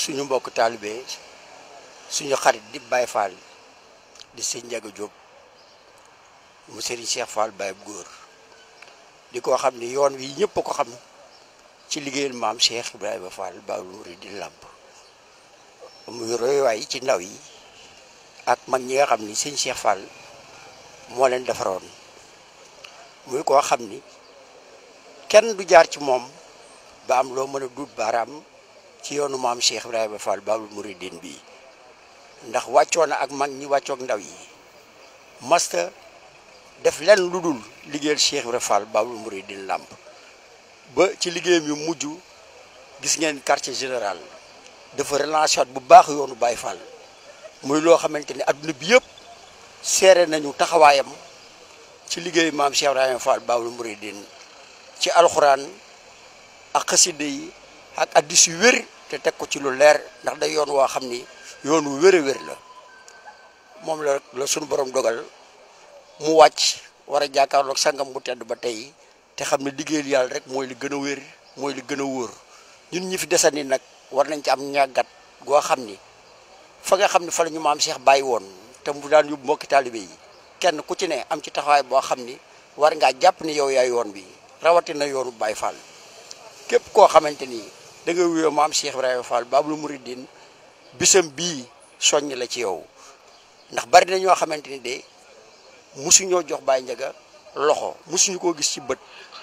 suñu mbokk taalibe suñu xarit di Baye Fall di sëñ Ndiaga mu sëriñ Cheikh Fall Baye bu góor di ko xam ni yoon wi ñëpp ko xam ci liggéeyal maam Cheikh Ibrahima Fall Baabul Muriidiin làmp muy royuwaay ci ndaw yi ak mag ñi nga xam ni sëñ Cheikh moo leen defaroon muy koo xam ni kenn du jaar ci moom ba loo mën a duut baaraam ci yoonu maam Cheikh Ibrahima Fall Babul Mouridine bi ndax wàccoo na ak mag ñi wàccoog ndaw yi masta def lenn lu dul liggéeyal Cheikh Ibrahima Fall Babul Mouridine làmp ba ci liggéeyam yu mujj gis ngeen quartier général dafa relancé bu baax yoonu Baye Fall muy loo xamante ni adduna bi yëpp seere nañu taxawaayam ci liggéey maam Cheikh Ibrahima Fall Babul Mouridine ci alxuraan ak xaside yi ak addis yu wér te teg ko ci lu leer ndax day yoon woo xam ni yoon wu wér a wér la moom la la suñu boroom dogal mu wàcc war a jàkkaarloog sangam bu tedd ba tey te xam ne liggéeyal yàlla rek mooy li gën a wér mooy li gën a wóor ñun ñi fi desandi nag war nañ ci am ñàggat goo xam ni fa nga xam ne fa la ñu maam Cheikh bàyyi woon te mu daan yóbbu mbokki taalibe yi kenn ku ci ne am ci taxawaay boo xam ni war ngaa jàpp ni yow yaay yoon bi rawatina yoonu Baye Fall képp koo xamante ni. da nga wuyoo maam Cheikh Ibrahima Fall Babul Mouridine bisam bii soññ la ci yow ndax bari na ñoo xamante ni de musuñoo jox Baye Ndiaga loxo musuñu koo gis ci bët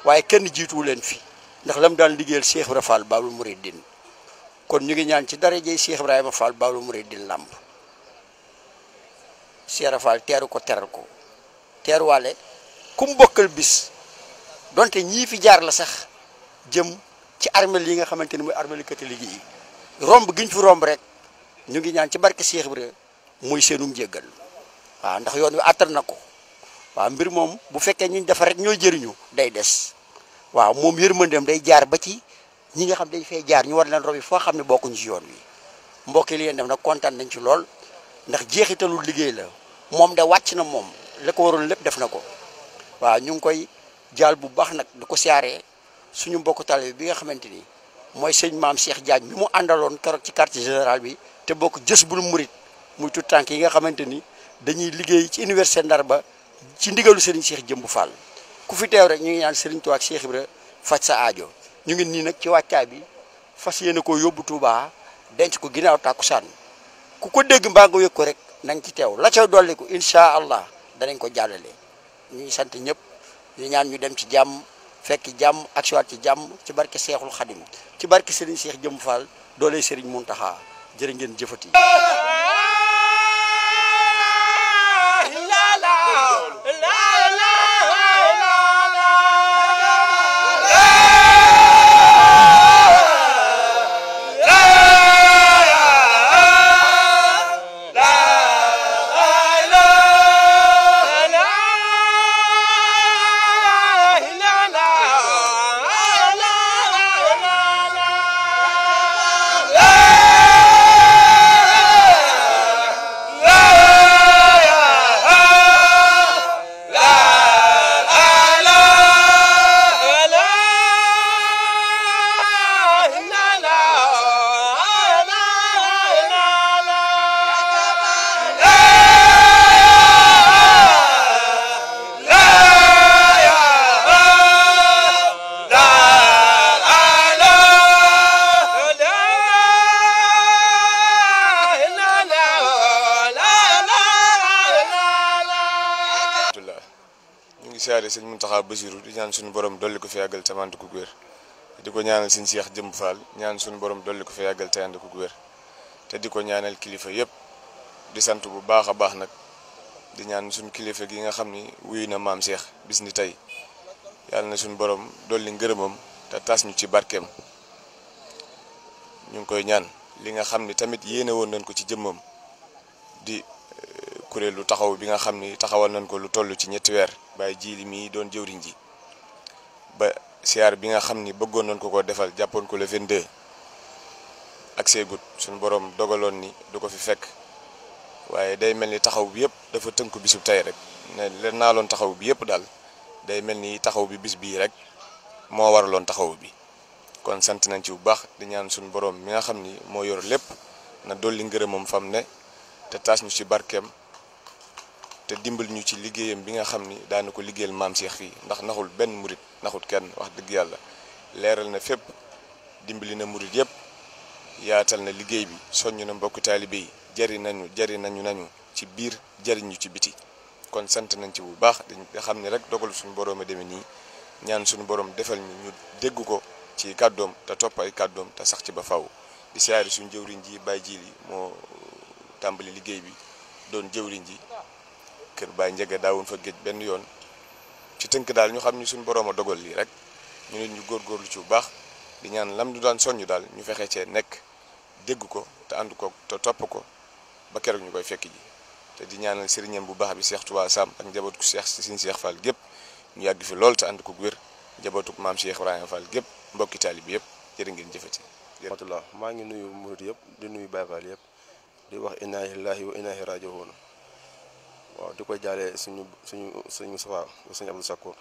waaye kenn jiituwu leen fi ndax lam daan liggéeyal Cheikh Ibrahima Fall Babul Mouridine kon ñu ngi ñaan ci dara jëy Cheikh Ibrahima Fall Babul Mouridine làmb Cheikh Ibrahima Fall teeru ko teral ko teeruwaale ku bokkal bis donte ñii fi jaar la sax jëm ci armel yi nga xamante ni mooy armelu catholique yi romb giñ fi romb rek ñu ngi ñaan ci barke Cheikh Ibrahima muy seenum jéggal waaw ndax yoon wi attan na ko waaw mbir moom bu fekkee ñu defar rek jëriñu day des waaw moom yërmandeem day jaar ba ci ñi nga xam dañ fay jaar war leen rob yi foo xam ne bokkuñ ci yoon wi mbokk yi def nag kontaan nañ ci lool ndax jeexitalul liggéey la moom de wàcc na moom la ko waroon lépp def na ko waaw ñu ngi koy jaal bu baax nag di ko siyaaree suñu mbokku taalibe bi nga xamante ni mooy sëñ maam Cheikh Diagne bi mu àndaloon keroog ci quartier général bi te bokk jës bul murit muy tu tànk yi nga xamante ni dañuy liggéey ci université Ndar ba ci ndigalu Serigne Cheikh Jëmb Fall ku fi teew rek ñu ngi ñaan Serigne Touba ak bi Ibra faj sa aajo ñu ngi nii nag ci wàccaay bi fas yéene ko yóbbu Touba denc ko ginnaaw tàkkusaan ku ko dégg mbaa nga yëg ko rek na nga ci teew la ca dolli ko incha allah danañ ko jàllale ñu ngi sant ñëpp ñu ñaan ñu dem ci jàmm. fekk jàmm ak siwaat ci jàmm ci barke Seexul Xadim ci barke Serigne Cheikh Jëm Fall doole Serigne Mountakha jërë ngeen jëfati Muntaxa Basiru di ñaan suñu borom dolli ko fi yàggal te ànd ko wér di ko ñaanal suñu Seex Jëmb Faal ñaan suñu borom dolli ko fi yàggal te ànd te di ko ñaanal kilifa yëpp di sant bu baax a baax nag di ñaan suñu kilifa gi nga xam ni wuyu na maam Seex bis ni tey yàlla na suñu borom dolli ngërëmam te tas ñu ci barkeem ñu ngi koy ñaan li nga xam ni tamit yéene woon nañ ko ci jëmmam di eh, kuréelu taxaw bi nga xam ni taxawal nañ ko lu toll ci ñetti weer. bàyyi jiili mii doon jëwriñ ji ba siyaar bi nga xam ni bëggoon nañ ko ko defal jàppoon ko le 22 ak seegut suñu borom dogaloon ni du ko fi fekk waaye day mel ni taxaw bi yëpp dafa tënku bisub tey rek ne leen naa taxaw bi yëpp daal day mel ni taxaw bi bis bii rek moo waraloon taxaw bi kon sant nañ ci bu baax di ñaan suñu borom mi nga xam ni moo yor lépp na dolli ngërëmam fam ne te taas ñu ci barkeem. te dimbali ñu ci liggéeyam bi nga xam ni daana ko liggéeyal maam seex fii ndax naxul benn murit naxul kenn wax dëgg yàlla leeral na fépp dimbali na murit yépp yaatal na liggéey bi soññ na mbokk taalibe yi jari nañu jari nañu nañu ci biir jariñu ci biti kon sant nañ ci bu baax dañ xam ni rek dogal suñu boroom a demee nii ñaan suñu borom defal ñu dégg ko ci kàddoom te topp ay kàddoom te sax ci ba faw di suñ suñu jëwriñ ji bàyyi ji moo tàmbali liggéey bi doon jëwriñ ji kër Baye Ndiaga daawuñ fa géej benn yoon ci tënk daal ñu xam ni suñu borom a dogal lii rek ñu ne ñu góor góorlu ci bu baax di ñaan lam ñu daan soññu daal ñu fexe cee nekk dégg ko te ànd ko te topp ko ba keroog ñu koy fekk ji te di ñaanal sëriñam bu baax bi tu waa Sam ak njaboot seex Cheikh si suñu Cheikh Fall gépp ñu yàgg fi lool te ànd ko wér njabootu maam Cheikh Ibrahima Fall gépp mbokki taali bi yëpp jërë ngeen jëfati. jërëjëf maa ngi nuyu murid yëpp di nuyu Baye Fall yëpp di wax inna lillahi wa inna ilayhi waaw di koy jaalee suñu suñu suñu Moustapha suñu Abdou Sakkour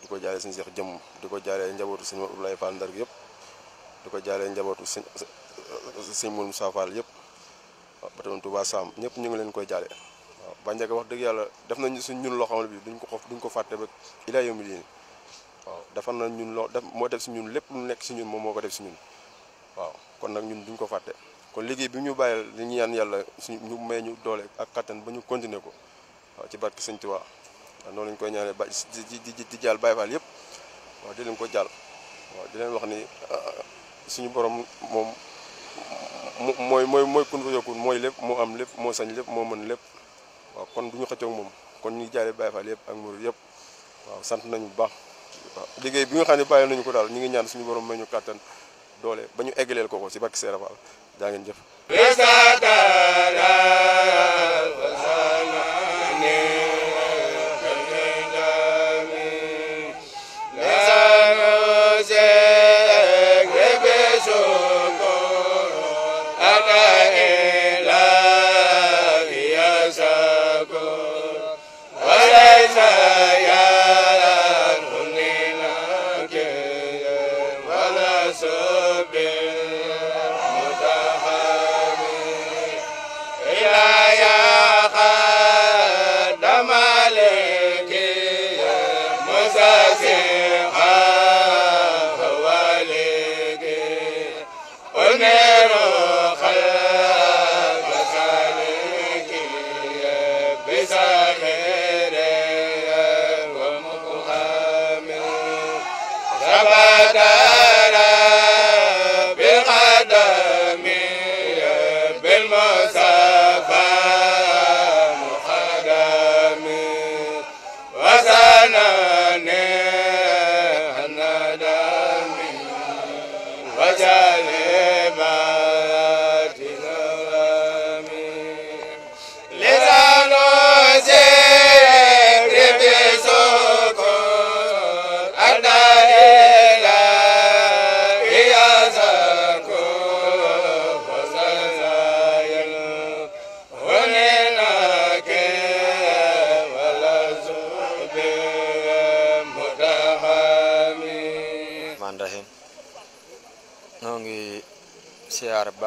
di ko jaalee suñu Seex jëm di ko jaalee njabootu suñu Abdoulaye Fall Ndar yëpp di ko jaalee njabootu suñ suñ Moul Moussa yëpp waaw ba tamit Touba Sam ñëpp ñu ngi leen koy jaale waaw Bandiaga wax dëgg yàlla def nañ suñ ñun loo bi duñ ko xof duñ ko fàtte ba ilaa yawmi diin waaw defar na ñun loo def moo def si ñun lépp lu nekk si ñun moom moo ko def si ñun waaw kon nag ñun duñ ko fàtte kon liggéey bi ñu bàyyil li ñu ñaan yàlla suñu ñu may ñu doole ak kattan ba ñu continuer ko waaw ci barke sañ Tuubaa waaw noonu lañ koy ñaanee ba di di di jaal Baay Faal yëpp di leen ko jaal waaw di leen wax ni ah, suñu borom moom mooy mooy mooy kun fa yokkun mooy lépp moo am lépp moo sañ lépp moo mën lépp waaw kon du ñu xëccoog moom kon ñu ngi jaale Baay yëpp ak murid yëpp waaw sant nañu bu baax waaw liggéey bi nga xam ne bàyyi nañu ko daal ñu ngi ñaan suñu borom may ñu kattan doole ba ñu eggaleel ko ko si barke Seera jaa ngeen jëf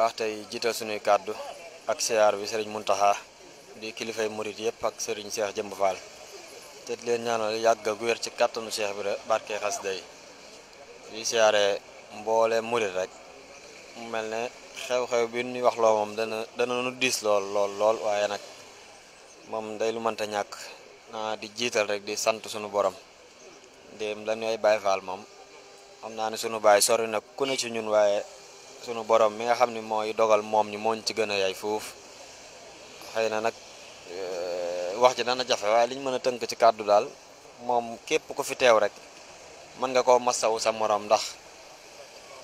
baax tey jiital suñuy kàddu ak siyaar bi sëriñ Muntaxa di kilifay murit yëpp ak sëriñ seex Jëmb faal te leen ñaanal yàgg gu ci kàttanu seex bi barke xasida yi di siyaare mboole murit rek mel ne xew-xew bi ñuy wax loo moom dana dana nu diis lool lool lool waaye nag moom day lu mënta ñàkk di jiital rek di sant suñu borom ndéem lañuy Baay Faal moom xam naa ne sunu baay sori ku ne ci ñun waaye sunu borom mi nga xam ni mooy dogal moom ñi mooñ ci gën a yaay fuuf xëy na nag eh, wax ji dana jafe waaye liñ mën a tënk ci kàddu daal moom képp ku fi teew rek mën nga koo masawu sa moroom ndax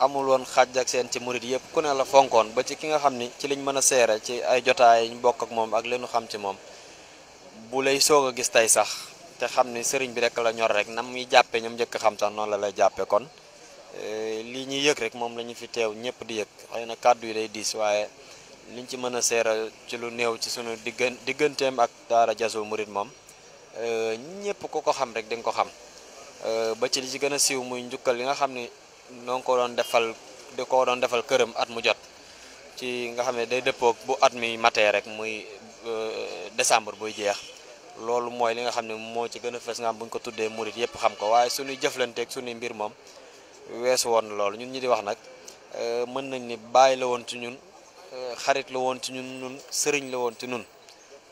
amul woon xàjj ak seen ci murit yëpp ku ne la fonkoon ba ci ki nga xam ni ci liñ mën a seere ci ay jotaay ñu bokk ak moom ak leenu xam ci moom bu lay soog a gis tey sax te xam ni sëriñ bi rek la ñor rek na muy jàppe ñoom njëkk xam sax noonu la lay jàppee kon Eh, lii ñuy yëg rek moom la ñu fi teew ñëpp di yëg xëy na kàddu yi day diis waaye liñ ci mën a seeral ci lu néew ci suñu diggan digganteem ak daara jaso Mouride moom eh, ñëpp ku ko xam rek di nga ko xam eh, ba ci li ci gën a siiw muy njukkal li nga xam ni noo ko doon defal di ko doon defal këram at mu jot ci nga xam ne day dëppoog bu at mi matee rek muy décembre buy jeex loolu mooy li nga xam ne moo ci gën a fees nga xam bu ñu ko tuddee Mouride yëpp xam ko waaye suñuy jëflanteek suñuy mbir moom weesu woon loolu ñun ñi di wax nag euh, mën nañ ni bàyyi la woon ci ñun euh, xarit la woon ci ñun ñun sëriñ la woon ci ñun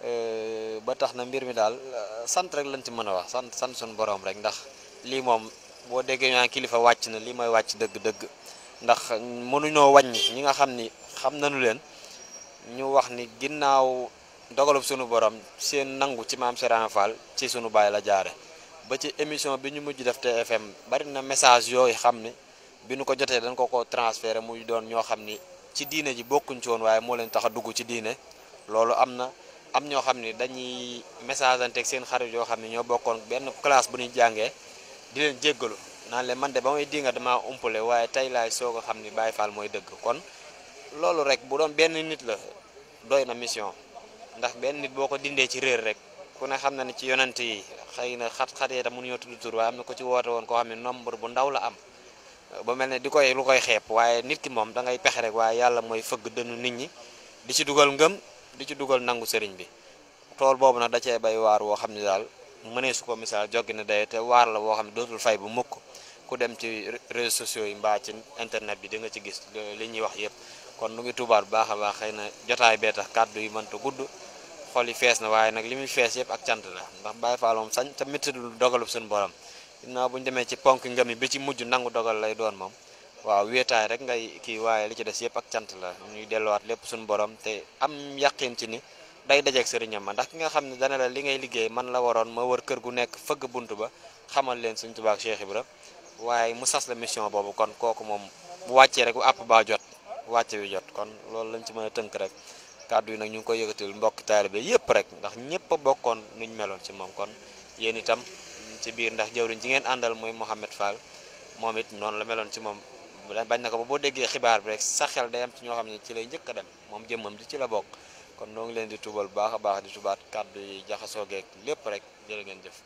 euh, ba tax na mbir mi daal sant rek lañ ci mën a wax sant sant suñu borom rek ndax lii moom boo déggee ñaa kilifa wàcc na lii mooy wàcc dëgg-dëgg ndax mënuñoo wàññi ñi nga xam ni xam nañu leen ñu wax ni ginnaaw dogalub sunu borom seen nangu ci maam Serigne ci sunu baay la jaare ba ci émission bi ñu mujj def TFM bari na message yooyu xam ne bi nu ko jotee dañ ko ko transféré muy doon ñoo xam ni ci diine ji bokkuñ ci woon waaye moo leen tax a dugg ci diine loolu am na am ñoo xam ni dañuy message anteeg seen xarit yoo xam ne ñoo bokkoon benn classe bu ñuy jàngee di leen jéggalu naan leen man de ba may dinga damaa umpale waaye tey laay soog a xam ni Baye Fall mooy dëgg kon loolu rek bu doon benn nit la doy na mission ndax benn nit boo ko dindee ci réer rek ku ne xam na ne ci yonent yi xëy na xat-xatee da mënuñoo tudd tur waaye am na ko ci woote woon koo xam ne nombre bu ndaw la am ba mel ne di koy lu koy xeeb waaye nit ki moom dangay ngay pexe rek waaye yàlla mooy fëgg dënnu nit ñi di ci dugal ngëm di ci dugal nangu sëriñ bi tool boobu nag da cee bay waar woo xam ne daal mënee su ko misaal joggi na day te waar la woo xam ne dootul fay bu mukk ku dem ci réseaux sociaux yi mbaa ci internet bi di nga ci gis li ñuy wax yëpp kon nu ngi tubaat baax a baax xëy na jotaay bee tax kàddu yi mënta gudd xol yi fees na waaye nag li muy fees yëpp ak cant la ndax Baye Fall moom sañ te métti lu dogalub suñu borom ginnaaw bu ñu demee ci ponk ngëm mi bi ci mujj nangu dogal lay doon moom waaw wéetaay rek ngay kii waaye li ci des yëpp ak cant la ñuy delluwaat lépp suñu borom te am yàqin ci ni day dajeeg sëriñam ma ndax ki nga xam ne dana la li ngay liggéey man la waroon ma wër kër gu nekk fëgg bunt ba xamal leen suñ tubaab Cheikh Ibra waaye mu sas la mission boobu kon kooku moom bu wàccee rek bu àpp baa jot wàcce bi jot kon loolu lañ ci mën a tënk rek kàddu yi nag ñu ngi koy yëkkatil mbokki taalibe yëpp rek ndax ñëpp a bokkoon nuñ meloon ci moom kon yéen itam ci biir ndax jawriñ ji ngeen àndal mooy Mouhamed Fall moom it noonu la meloon ci moom bañ na ko ba boo déggee xibaar bi rek sa xel day am ci ñoo xam ne ci lay njëkk a dem moom jëmmam di ci la bokk kon noo ngi leen di tuubal baax a baax di tubaat kàddu yi jaxasoo geeg lépp rek jërë ngeen jëf